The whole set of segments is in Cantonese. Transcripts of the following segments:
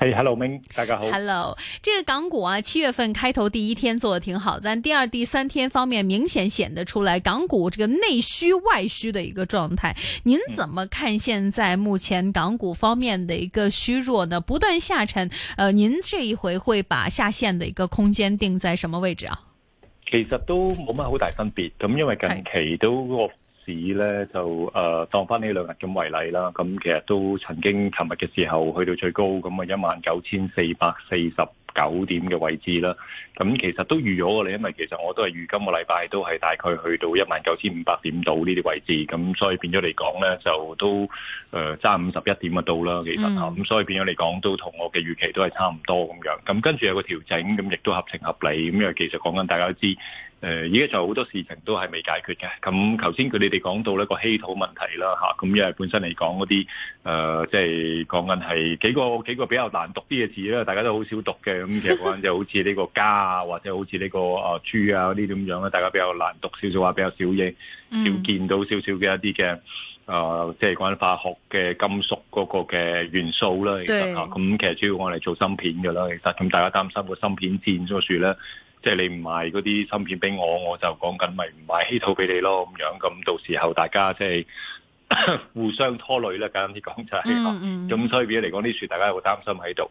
Hello，大家好。Hello，這個港股啊，七月份開頭第一天做得挺好，但第二、第三天方面明顯顯得出來港股這個內需外需的一個狀態。您怎麼看現在目前港股方面的一個虛弱呢？不斷下沉，呃，您這一回會把下線的一個空間定在什麼位置啊？其實都冇乜好大分別，咁因為近期都。以咧就誒當翻呢兩日咁為例啦，咁其實都曾經琴日嘅時候去到最高咁嘅一萬九千四百四十九點嘅位置啦。咁其實都預咗嘅咧，因為其實我都係預今個禮拜都係大概去到一萬九千五百點度呢啲位置，咁所以變咗嚟講咧就都誒差五十一點嘅度啦。其實啊，咁所以變咗嚟講都同我嘅預期都係差唔多咁樣。咁跟住有個調整，咁亦都合情合理。咁因為其實講緊大家都知。誒，依家仲有好多事情都係未解決嘅。咁頭先佢哋哋講到呢個稀土問題啦，嚇咁因為本身嚟、呃就是、講嗰啲誒，即係講緊係幾個幾個比較難讀啲嘅字啦，大家都好少讀嘅。咁其實講緊就好似呢個家啊， 或者好似呢、呢個啊豬啊嗰啲咁樣啦，大家比較難讀少少啊，比較少嘢、嗯、少見到少少嘅一啲嘅誒，即係關於化學嘅金屬嗰個嘅元素啦。其實對啊，咁其實主要我嚟做芯片嘅啦，其實咁大家擔心個芯片戰咗樹咧。即係你唔賣嗰啲芯片俾我，我就講緊咪唔賣稀土俾你咯咁樣，咁到時候大家即係 互相拖累咧，簡單啲講就係咁，所以嚟講，呢處、嗯嗯、大家會擔心喺度。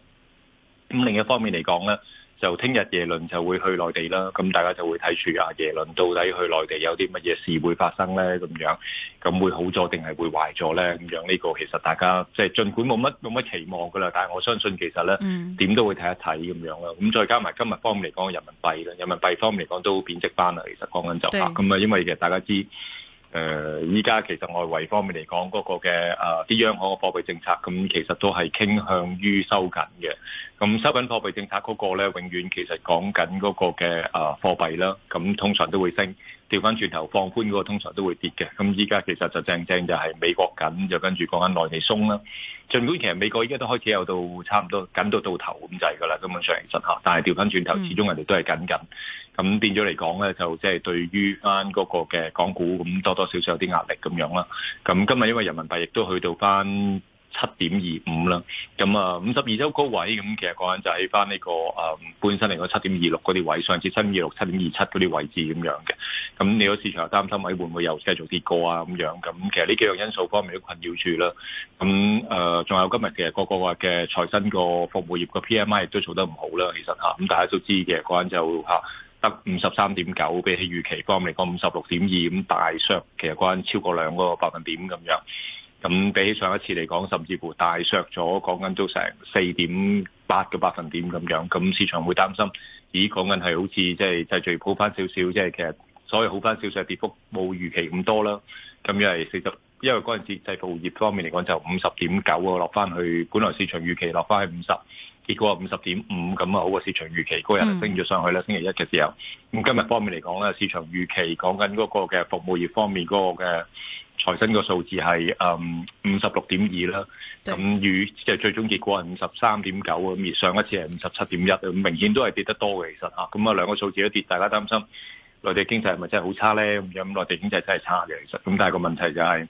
咁另一方面嚟講咧。就聽日耶倫就會去內地啦，咁大家就會睇住啊，耶倫到底去內地有啲乜嘢事會發生咧，咁樣咁會好咗定係會壞咗咧？咁樣呢個其實大家即係儘管冇乜冇乜期望噶啦，但係我相信其實咧點都會睇一睇咁樣啦。咁再加埋今日方面嚟講，人民幣啦，人民幣方面嚟講都貶值翻啦。其實講緊就嚇咁啊，對樣因為其實大家知誒，依、呃、家其實外圍方面嚟講嗰個嘅誒啲央行嘅貨幣政策咁，其實都係傾向於收緊嘅。咁收緊貨幣政策嗰個咧，永遠其實講緊嗰個嘅啊貨幣啦，咁通常都會升。調返轉頭放寬嗰個，通常都會跌嘅。咁依家其實就正正就係美國緊，就跟住講緊內地鬆啦。儘管其實美國依家都開始有到差唔多緊到到頭咁滯㗎喇，根本上嚟講。但係調返轉頭，始終人哋都係緊緊。咁變咗嚟講咧，就即係對於翻嗰個嘅港股咁多多少少有啲壓力咁樣啦。咁今日因為人民幣亦都去到返。七點二五啦，咁啊五十二周高位咁，其實講緊就喺翻呢個誒、嗯、本身嚟講七點二六嗰啲位，上次七點二六、七點二七嗰啲位置咁樣嘅。咁你個市場又擔心咪會唔會又繼續跌過啊咁樣？咁其實呢幾樣因素方面都困擾住啦。咁誒，仲、呃、有今日其實每個每個話嘅財新個服務業個 PMI 亦都做得唔好啦。其實吓，咁、啊、大家都知其實，講緊就嚇得五十三點九，比起預期方面嚟講五十六點二咁大削，其實講緊超過兩個百分點咁樣。咁比起上一次嚟講，甚至乎大削咗，講緊都成四點八個百分點咁樣。咁市場會擔心，咦？講緊係好似即係製造業好翻少少，即係其實所謂好翻少少嘅跌幅冇預期咁多啦。咁因為四十，因為嗰陣時製造業方面嚟講就五十點九啊，落翻去本來市場預期落翻去五十，結果五十點五，咁啊好過市場預期嗰日升咗上去啦。嗯、星期一嘅時候，咁今日方面嚟講咧，市場預期講緊嗰個嘅服務業方面嗰個嘅。財新個數字係誒五十六點二啦，咁、嗯、對與即係、就是、最終結果係五十三點九咁，而上一次係五十七點一，咁明顯都係跌得多嘅其實嚇，咁啊兩個數字都跌，大家擔心內地經濟係咪真係好差咧？咁樣咁內地經濟真係差嘅其實，咁但係個問題就係、是。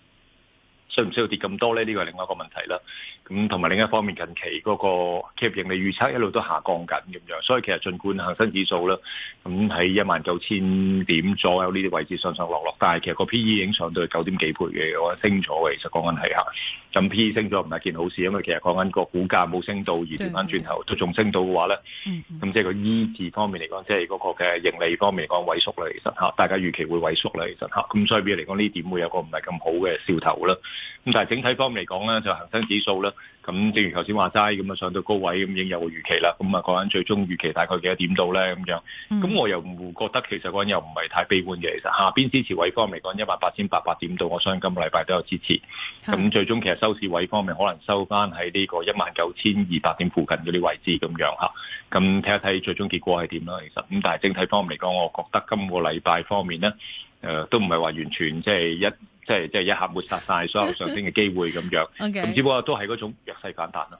需唔需要跌咁多咧？呢個係另外一個問題啦。咁同埋另一方面，近期嗰個企業盈利預測一路都下降緊咁樣，所以其實儘管恆生指數啦，咁喺一萬九千點左右呢啲位置上上落落，但係其實個 P/E 影相都係九點幾倍嘅，我清楚嘅。其實講緊係下。咁 P 升咗唔係件好事，因為其實講緊個股價冇升到，而轉翻轉頭再仲升到嘅話咧，咁對即係個 E 字方面嚟講，即係嗰個嘅盈利方面嚟講萎縮啦，其實嚇，大家預期會萎縮啦，其實嚇，咁所以嚟講呢點會有個唔係咁好嘅兆頭啦。咁但係整體方面嚟講咧，就恒生指數啦。咁正如頭先話齋，咁啊上到高位咁已經有個預期啦。咁啊講緊最終預期大概幾多點到咧？咁樣，咁我又唔覺得其實嗰陣又唔係太悲觀嘅。其實下、啊、邊支持位方面講一萬八千八百點度，我相信今個禮拜都有支持。咁最終其實收市位方面，可能收翻喺呢個一萬九千二百點附近嗰啲位置咁樣嚇。咁、啊、睇一睇最終結果係點啦？其實咁，但係整體方面嚟講，我覺得今個禮拜方面咧，誒、呃、都唔係話完全即係一。即係即係一下抹殺晒所有上升嘅機會咁樣，咁只不過都係嗰種弱勢反彈咯。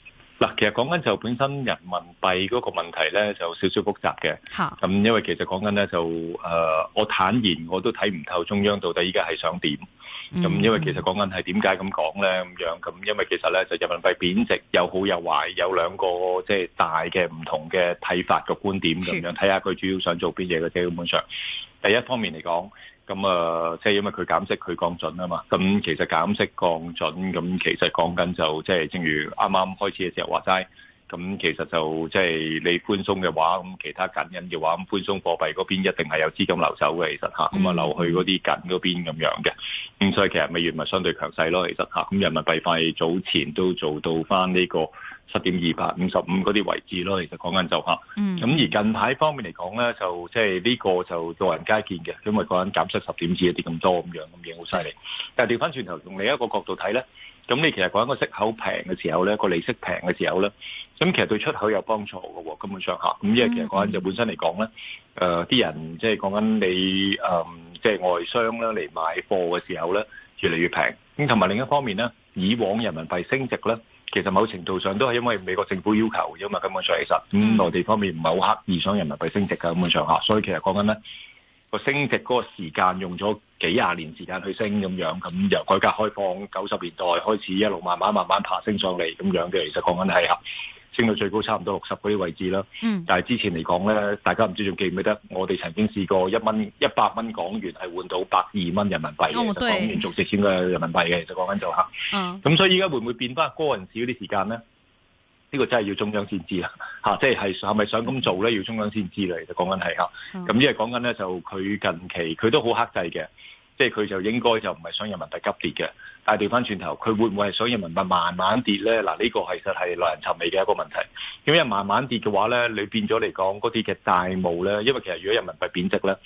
嗱，其實講緊就本身人民幣嗰個問題咧，就少少複雜嘅。咁、啊、因為其實講緊咧就誒，我坦言我都睇唔透中央到底依家係想點。咁、嗯、因為其實講緊係點解咁講咧咁樣。咁因為其實咧就人民幣貶值又好又壞，有兩個即係、就是、大嘅唔同嘅睇法個觀點咁樣。睇下佢主要想做邊嘢嘅基本上。第一方面嚟講。咁啊，即係、嗯就是、因為佢減息佢降準啊嘛，咁其實減息降準，咁其實講緊就即係正如啱啱開始嘅時候話齋。咁其實就即係你寬鬆嘅話，咁其他緊緊嘅話，咁寬鬆貨幣嗰邊一定係有資金流走嘅，其實嚇，咁啊流去嗰啲緊嗰邊咁樣嘅，咁、嗯、所以其實美元咪相對強勢咯，其實嚇，咁、啊、人民幣塊早前都做到返呢個七點二百五十五嗰啲位置咯，其實講緊就嚇、是，咁、啊、而近排方面嚟講咧，就即係呢個就做人加建嘅，因為講緊減息十點子一啲咁多咁樣，咁嘢好犀利，但係調返轉頭用另一個角度睇咧。咁你其實講緊個息口平嘅時候咧，個利息平嘅時候咧，咁其實對出口有幫助嘅喎、哦，根本上嚇。咁因為其實講緊就本身嚟講咧，誒、呃、啲人即係講緊你誒，即、呃、係、就是、外商咧嚟買貨嘅時候咧，越嚟越平。咁同埋另一方面咧，以往人民幣升值咧，其實某程度上都係因為美國政府要求因嘛，根本上其實咁內地方面唔係好刻意想人民幣升值嘅咁嘅上下，所以其實講緊咧。個升值嗰個時間用咗幾廿年時間去升咁樣，咁由改革開放九十年代開始一路慢慢慢慢爬升上嚟咁樣嘅，其實講緊係啊，升到最高差唔多六十嗰啲位置啦。嗯。但係之前嚟講咧，大家唔知仲記唔記得，我哋曾經試過一蚊一百蚊港元係換到百二蚊人民幣嘅，哦、港元續值錢嘅人民幣嘅，其實講緊就吓、是。嗯。咁所以依家會唔會變翻個人少啲時間咧？呢個真係要中央先知啦，嚇、啊！即係係係咪想咁做咧？要中央先知嚟、啊嗯，就講緊係嚇。咁因為講緊咧，就佢近期佢都好克制嘅，即係佢就應該就唔係想人民幣急跌嘅。但係調翻轉頭，佢會唔會係想人民幣慢慢跌咧？嗱，呢、這個其實係耐人尋味嘅一個問題。因為慢慢跌嘅話咧，你變咗嚟講嗰啲嘅債務咧，因為其實如果人民幣貶值咧，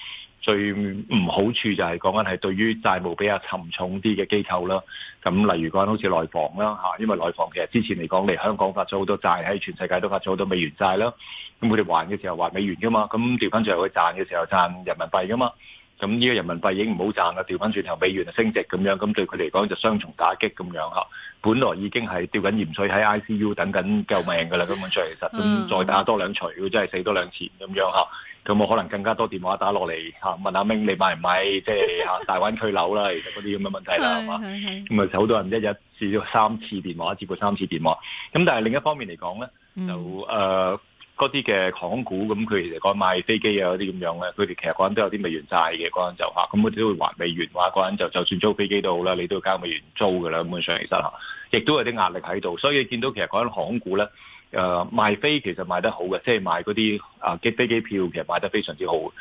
最唔好處就係講緊係對於債務比較沉重啲嘅機構啦。咁例如講好似內房啦嚇，因為內房其實之前嚟講嚟香港發咗好多債，喺全世界都發咗好多美元債啦。咁佢哋還嘅時候還美元噶嘛，咁調翻轉去賺嘅時候賺人民幣噶嘛。咁呢個人民幣已經唔好賺啦，調翻轉頭美元升值咁樣，咁對佢嚟講就雙重打擊咁樣嚇。本來已經係吊緊鹽水喺 ICU 等緊救命㗎啦，根本上其實咁、嗯、再打多兩錘，會真係死多兩次咁樣嚇。咁我可能更加多電話打落嚟嚇，問阿明你買唔買即係嚇大灣區樓啦， 其實嗰啲咁嘅問題啦係嘛？咁啊就好多人一日至少三次電話，接過三次電話。咁但係另一方面嚟講咧，就誒，呃嗯嗰啲嘅航空股，咁佢其實講賣飛機啊嗰啲咁樣咧，佢哋其實個人都有啲美元債嘅，個人就嚇，咁佢哋都會還美元。話個人就就算租飛機都好啦，你都要交美元租噶啦。基本上其實嚇，亦都有啲壓力喺度。所以你見到其實講緊航空股咧，誒、呃、賣飛其實賣得好嘅，即、就、係、是、賣嗰啲啊機飛機票，其實賣得非常之好的。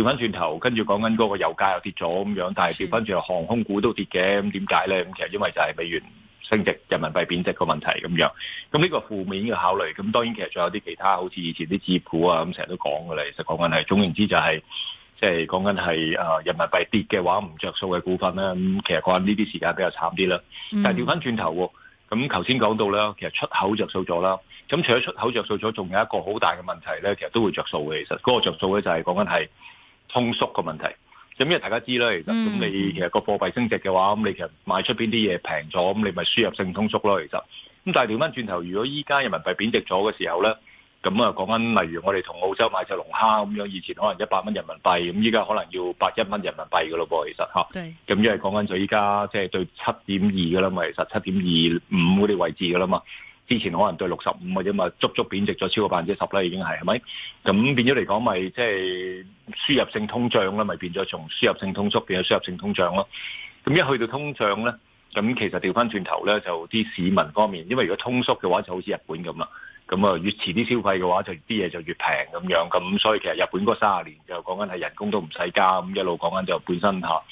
調翻轉頭，跟住講緊嗰個油價又跌咗咁樣，但係調翻轉嚟航空股都跌嘅，咁點解咧？咁其實因為就係美元。升值人民幣貶值個問題咁樣，咁、這、呢個負面嘅考慮，咁當然其實仲有啲其他，好似以前啲置業股啊，咁成日都講㗎啦。其實講緊係，總言之就係、是、即係講緊係啊人民幣跌嘅話，唔着數嘅股份啦。咁、嗯、其實講緊呢啲時間比較慘啲啦。但係調翻轉頭喎，咁頭先講到啦，其實出口着數咗啦。咁除咗出口着數咗，仲有一個好大嘅問題咧，其實都會着數嘅。其實嗰個著數咧就係講緊係通縮嘅問題。咁因為大家知啦，其實咁你其實個貨幣升值嘅話，咁你其實買出邊啲嘢平咗，咁你咪輸入性通縮咯。其實，咁但係調翻轉頭，如果依家人民幣貶值咗嘅時候咧，咁啊講緊例如我哋同澳洲買隻龍蝦咁樣，以前可能一百蚊人民幣，咁依家可能要八一蚊人民幣嘅咯噃，其實嚇。咁因係講緊就依家即係對七點二嘅啦嘛，其實七點二五嗰啲位置嘅啦嘛。之前可能對六十五或者嘛，足足貶值咗超過百分之十啦，已經係係咪？咁變咗嚟講，咪即係輸入性通脹啦，咪變咗從輸入性通縮變咗輸入性通脹咯。咁一去到通脹咧，咁其實掉返轉頭咧，就啲市民方面，因為如果通縮嘅話，就好似日本咁啦。咁啊，越遲啲消費嘅話，就啲嘢就越平咁樣。咁所以其實日本嗰三十年就講緊係人工都唔使加，咁一路講緊就本身嚇。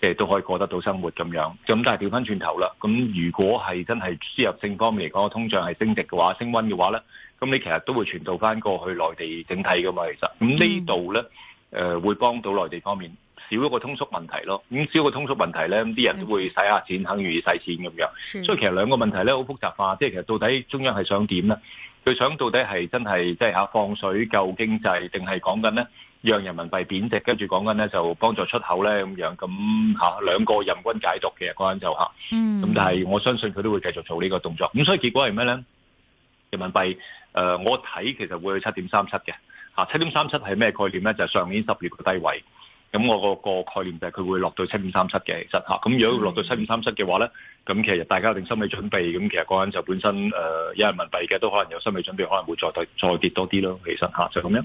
即係都可以過得到生活咁樣，咁但係調翻轉頭啦。咁如果係真係輸入性方面嚟講，通脹係升值嘅話，升溫嘅話咧，咁你其實都會傳導翻過去內地整體嘅嘛。其實，咁呢度咧，誒、嗯呃、會幫到內地方面少一個通縮問題咯。咁少個通縮問題咧，咁啲人都會使下錢，嗯、肯願意使錢咁樣。是的 所以其實兩個問題咧好複雜化，即係其實到底中央係想點咧？佢想到底係真係即係下放水救經濟，定係講緊咧？讓人民幣貶值，跟住講緊咧，就幫助出口咧咁樣，咁吓兩個任君解讀嘅，嗰陣就吓，咁、mm. 但係我相信佢都會繼續做呢個動作。咁所以結果係咩咧？人民幣誒、呃，我睇其實會去七點三七嘅，吓七點三七係咩概念咧？就係上年十月嘅低位。咁我個概念就係佢會落到七點三七嘅，其實吓。咁如果落到七點三七嘅話咧，咁、mm. 其實大家有一定心理準備。咁其實嗰陣就本身誒、呃，有人民幣嘅都可能有心理準備，可能會再跌再跌多啲咯。其實吓就咁樣。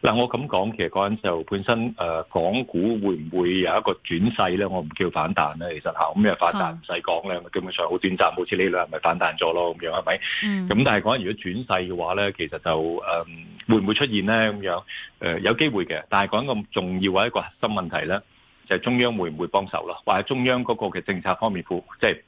嗱，我咁講其實嗰時候就本身誒港股會唔會有一個轉勢咧？我唔叫反彈咧，其實嚇咁嘅反彈唔使講咧，基本上好短暫，好似呢兩日咪反彈咗咯，咁樣係咪？咁但係嗰陣如果轉勢嘅話咧，其實就誒會唔會出現咧咁樣？誒有機會嘅，但係嗰陣個重要嘅一個核心問題咧，就係中央會唔會幫手囉？或者中央嗰個嘅政策方面負即係。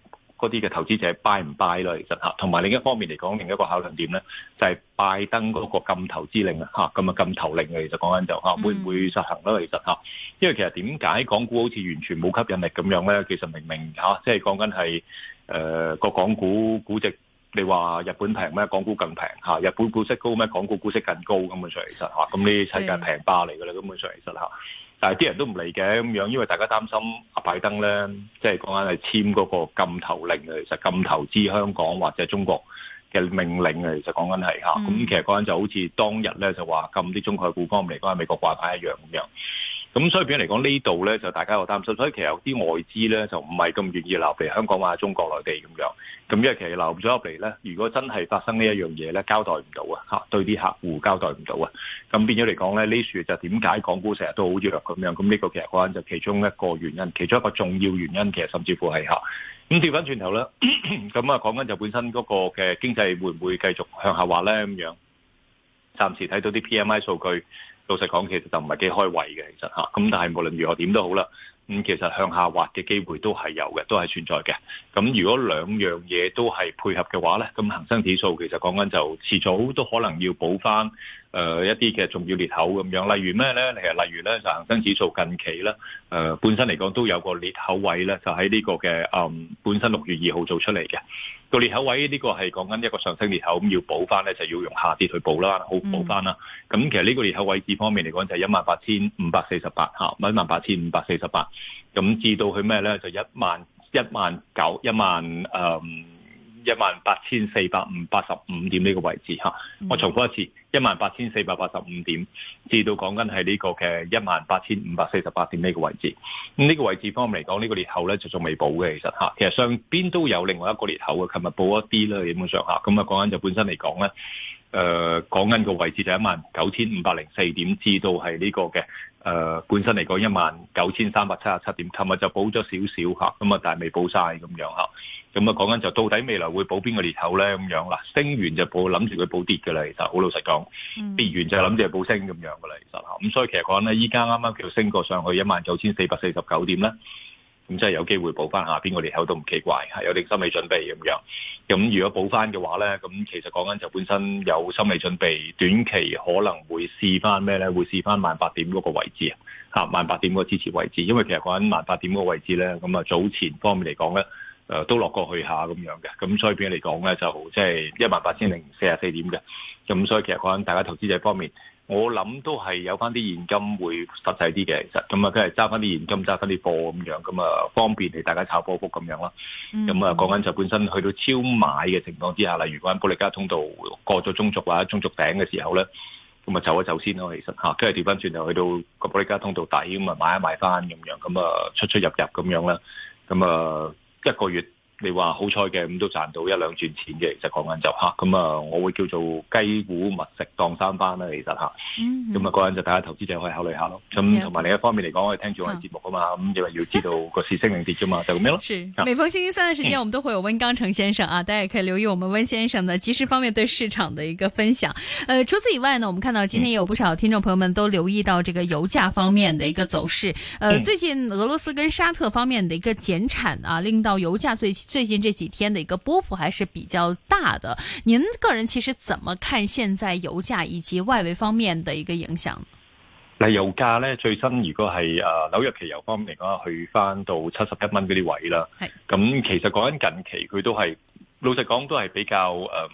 嗰啲嘅投資者 buy 唔 buy 咯？其實嚇，同埋另一方面嚟講，另一個考量點咧，就係、是、拜登嗰個禁投資令啊嚇，咁啊禁投令嘅，其實講緊就嚇會唔會實行咯？其實嚇，因為其實點解港股好似完全冇吸引力咁樣咧？其實明明嚇，即、就、係、是、講緊係誒個港股估值，你話日本平咩？港股更平嚇，日本股息高咩？港股股息更高根本上，其實嚇，咁呢世界平霸嚟嘅啦，根本上其實嚇。的但係啲人都唔嚟嘅咁樣，因為大家擔心阿拜登咧，即係講緊係簽嗰個禁投令啊，其實禁投資香港或者中國嘅命令啊，其實講緊係嚇。咁、嗯、其實講緊就好似當日咧就話禁啲中概股唔嚟講係美國掛牌一樣咁樣。咁所以變咗嚟講呢度咧，就大家有擔心，所以其實有啲外資咧就唔係咁願意流入香港或者中國內地咁樣。咁因為其實流入咗入嚟咧，如果真係發生呢一樣嘢咧，交代唔到啊嚇，對啲客戶交代唔到啊。咁變咗嚟講咧，呢度就點解港股成日都好弱咁樣？咁呢個其實講緊就其中一個原因，其中一個重要原因其實甚至乎係嚇。咁調返轉頭咧，咁啊講緊就本身嗰個嘅經濟會唔會繼續向下滑咧咁樣？暫時睇到啲 PMI 數據。老實講，其實就唔係幾開胃嘅，其實吓。咁但係無論如何點都好啦。咁、嗯、其實向下滑嘅機會都係有嘅，都係存在嘅。咁、嗯、如果兩樣嘢都係配合嘅話咧，咁、嗯、恒生指數其實講緊就遲早都可能要補翻誒、呃、一啲嘅重要裂口咁樣。例如咩咧？誒，例如咧就、呃、恒生指數近期咧誒、呃、本身嚟講都有個裂口位咧，就喺呢個嘅誒、呃、本身六月二號做出嚟嘅。個裂口位呢、這個係講緊一個上升裂口，咁要補翻咧就要用下跌去補啦，好補翻啦。咁、嗯、其實呢個裂口位置方面嚟講、嗯，就係一萬八千五百四十八，吓一萬八千五百四十八。咁至到去咩咧？就一萬一萬九一萬誒。一萬八千四百五八十五點呢個位置嚇，嗯、我重複一次，一萬八千四百八十五點，至到講緊係呢個嘅一萬八千五百四十八點呢個位置。咁呢個位置方面嚟講，這個、呢個裂口咧就仲未補嘅其實嚇，其實上邊都有另外一個裂口嘅，琴日補一啲啦，基本上嚇。咁啊講緊就本身嚟講咧。誒，講緊個位置就一萬九千五百零四點，至到係呢個嘅誒、呃、本身嚟講一萬九千三百七十七點，琴日就補咗少少吓，咁啊但係未補晒咁樣吓，咁啊講緊就到底未來會補邊個裂口咧咁樣嗱，升完就補諗住佢補跌噶啦，其實好老實講，跌完就諗住係補升咁樣噶啦，其實吓，咁所以其實講咧，依家啱啱叫升過上去一萬九千四百四十九點咧。咁、嗯、即係有機會補翻下，邊個裂口都唔奇怪，係、啊、有啲心理準備咁樣。咁、嗯、如果補翻嘅話咧，咁、嗯、其實講緊就本身有心理準備，短期可能會試翻咩咧？會試翻萬八點嗰個位置啊，嚇萬八點嗰個支持位置。因為其實講緊萬八點嗰個位置咧，咁、嗯、啊早前方面嚟講咧，誒、呃、都落過去下咁樣嘅。咁、嗯、所以變咗嚟講咧，就即係一萬八千零四十四點嘅。咁、嗯、所以其實講緊大家投資者方面。我諗都係有翻啲現金會實際啲嘅，其實咁啊，跟係揸翻啲現金，揸翻啲貨咁樣，咁啊方便你大家炒波幅咁樣咯。咁啊，講緊、嗯嗯嗯、就本身去到超買嘅情況之下例如果喺保歷加通道過咗中軸或者中軸頂嘅時候咧，咁啊走一走先咯，其實嚇，跟住調翻轉頭去到個保歷加通道底，咁啊買一買翻咁樣，咁啊出出入入咁樣啦，咁啊一個月。你話好彩嘅咁都賺到一兩轉錢嘅，其實講緊就吓，咁啊，我會叫做雞股物食當三番啦、啊，其實吓，咁啊，個人就睇下投資者可以考慮下咯。咁同埋另一方面嚟講，可以聽住我哋節目啊嘛，咁就係要知道個市升定跌啫嘛，嗯、就咁樣咯。是每逢星期三嘅時間， 我們都會有溫鋼城先生啊，大家也可以留意我們溫先生嘅即時方面對市場嘅一個分享。呃，除此以外呢，我們看到今天也有不少聽眾朋友們都留意到這個油價方面嘅一個走勢。呃，最近俄羅斯跟沙特方面嘅一個減產啊，令到油價最。最近這幾天的一個波幅還是比較大的，您個人其實怎麼看現在油價以及外圍方面的一個影響？嗱，油價咧，最新如果係誒紐約期油方面嚟講去翻到七十一蚊嗰啲位啦，咁是、嗯、其實講緊近期佢都係老實講都係比較誒。呃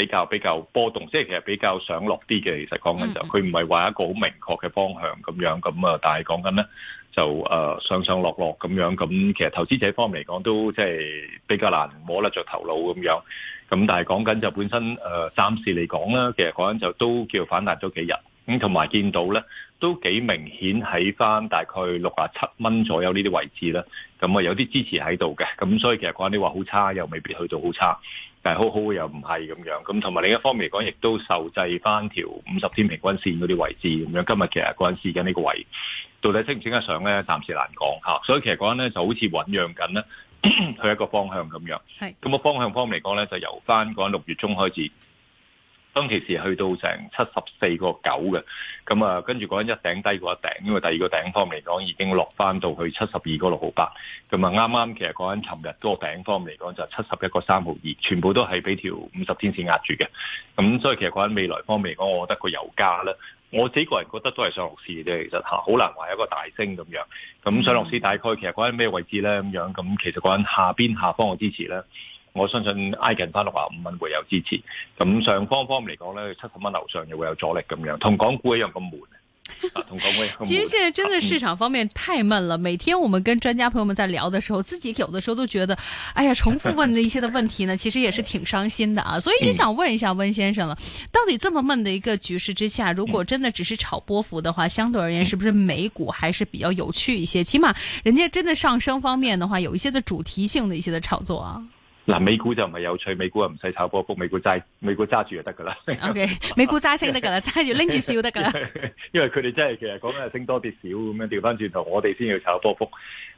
比較比較波動，即係其實比較上落啲嘅。其實講緊、就是、就，佢唔係話一個好明確嘅方向咁樣咁啊。但係講緊咧就誒上上落落咁樣。咁其實投資者方面嚟講都即係比較難摸得着頭腦咁樣。咁但係講緊就本身誒、呃、暫時嚟講啦，其實講緊就都叫反彈咗幾日。咁同埋見到咧都幾明顯喺返大概六啊七蚊左右呢啲位置啦。咁啊有啲支持喺度嘅。咁所以其實講緊你話好差又未必去到好差。但係好好又唔係咁樣，咁同埋另一方面嚟講，亦都受制翻條五十天平均線嗰啲位置咁樣。今日其實嗰陣時間呢個位到底升唔升得上咧，暫時難講吓。所以其實嗰陣咧就好似醞釀緊咧，去一個方向咁樣。係、那、咁個方向方面嚟講咧，就由翻嗰陣六月中開始。當其時去到成七十四個九嘅，咁、嗯、啊，跟住講緊一頂低過一頂，因為第二個頂方嚟講已經落翻到去七十二個六毫八，咁啊，啱啱其實講緊尋日嗰個頂方嚟講就七十一個三毫二，全部都係俾條五十天線壓住嘅，咁、嗯、所以其實講緊未來方面嚟講，我覺得個油價咧，我自己個人覺得都係上落市嘅啫，其實嚇，好難話一個大升咁樣，咁、嗯、上落市大概其實講緊咩位置咧咁樣，咁其實講緊下邊下方嘅支持咧。我相信挨近翻六百五蚊會有支持，咁上方方面嚟講呢，七十蚊樓上又會有阻力咁樣，同港股一樣咁悶。嗱、啊，同港股一樣 其實現在真的市場方面太悶了。啊、每天我們跟專家朋友們在聊的時候，自己有的時候都覺得，哎呀，重複問的一些的問題呢，其實也是挺傷心的啊。所以也想問一下溫先生啦，到底這麼悶的一個局勢之下，如果真的只是炒波幅的話，相對而言是不是美股還是比較有趣一些？起碼人家真的上升方面的話，有一些的主題性的一些的炒作啊。嗱，美股就唔係有趣，美股啊唔使炒波幅，美股揸美股揸住就得噶啦。O Okay , K， 美股揸升得噶啦，揸住拎住笑得噶啦。 因為佢哋真係其實講緊係升多跌少咁樣，調翻轉頭，我哋先要炒波幅。誒、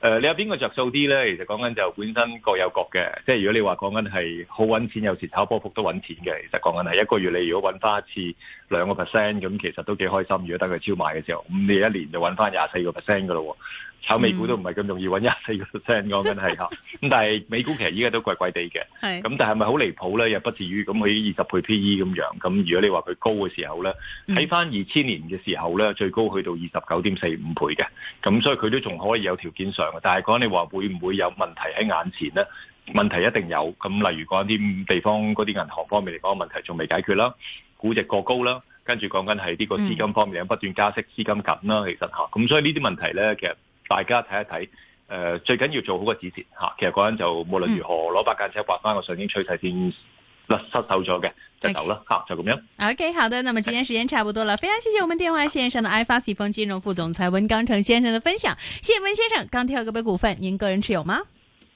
呃，你有邊個着數啲咧？其實講緊就本身各有各嘅。即係如果你話講緊係好揾錢，有時炒波幅都揾錢嘅。其實講緊係一個月，你如果揾翻一次兩個 percent 咁，其實都幾開心。如果得佢超買嘅時候，咁你一年就揾翻廿四個 percent 噶咯。炒美股都唔係咁容易揾廿四個 percent，講緊係嚇。嗯 咁但係美股其實依家都貴貴地嘅，咁但係咪好離譜咧？又不至於咁去二十倍 PE 咁樣。咁如果你話佢高嘅時候咧，睇翻二千年嘅時候咧，最高去到二十九點四五倍嘅。咁所以佢都仲可以有條件上嘅。但係講你話會唔會有問題喺眼前咧？問題一定有。咁例如講啲地方嗰啲銀行方面嚟講，問題仲未解決啦，估值過高啦，跟住講緊係呢個資金方面不斷加息，資金緊啦，其實嚇。咁所以呢啲問題咧，其實大家睇一睇。呃、最緊要做好個止蝕吓，其實嗰陣就無論如何攞把間尺畫返個上影趨勢先失手咗嘅就走啦吓 Okay.，就咁樣。OK，好的，那麼今天時間差不多了，哎、非常謝謝我們電話線上的 IFC 金融副總裁溫鋼城先生的分享，謝謝温先生。剛跳嗰筆股份，您個人持有嗎？